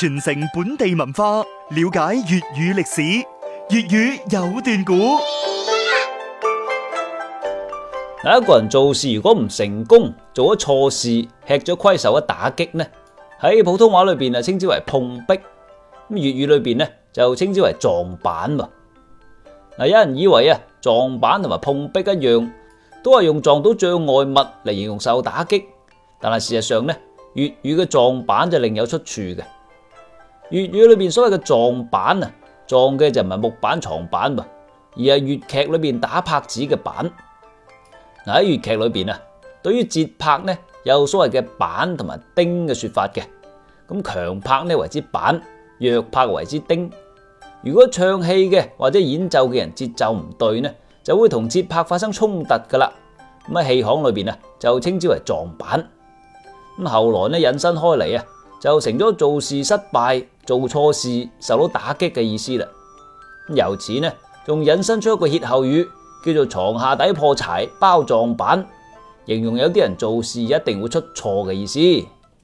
傳承本地文化，了解粵語歷史。粵語有段古。嗱，一個人做事如果唔成功，做咗錯事，吃咗虧，受咗打擊呢，喺普通話裏邊啊，稱之為碰壁。咁粵語裏邊呢就稱之為撞板。嗱，有人以為啊，撞板同埋碰壁一樣，都係用撞到障礙物嚟，形容受打擊，但係事實上呢，粵語嘅撞板就另有出處嘅。粵語裏邊所謂嘅撞板啊，撞嘅就唔係木板床板噉，而係粵劇裏邊打拍子嘅板。嗱，喺粵劇裏邊啊，對於節拍呢，有所謂嘅板同埋叮嘅說法嘅。咁強拍呢，為之板，弱拍為之叮。如果唱戲嘅或者演奏嘅人節奏唔對呢，就會同節拍發生衝突噶啦。咁喺戲行裏邊啊，就稱之為撞板。咁後來呢，引申開嚟啊，就成咗做事失敗、做錯事受到打擊嘅意思啦。由此呢，仲引申出一個歇後語，叫做床下底破柴，包撞板，形容有啲人做事一定會出錯嘅意思。